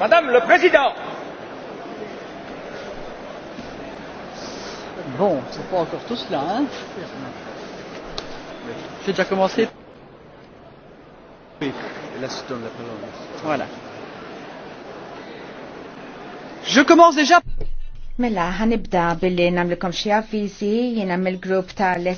Madame le Président Bon, c'est pas encore tout cela, hein J'ai déjà commencé. Oui, là, je donne la parole. Voilà. Je commence déjà. Mela, ħanibda billi namlikom xie avvizi, jina mill-grupp tal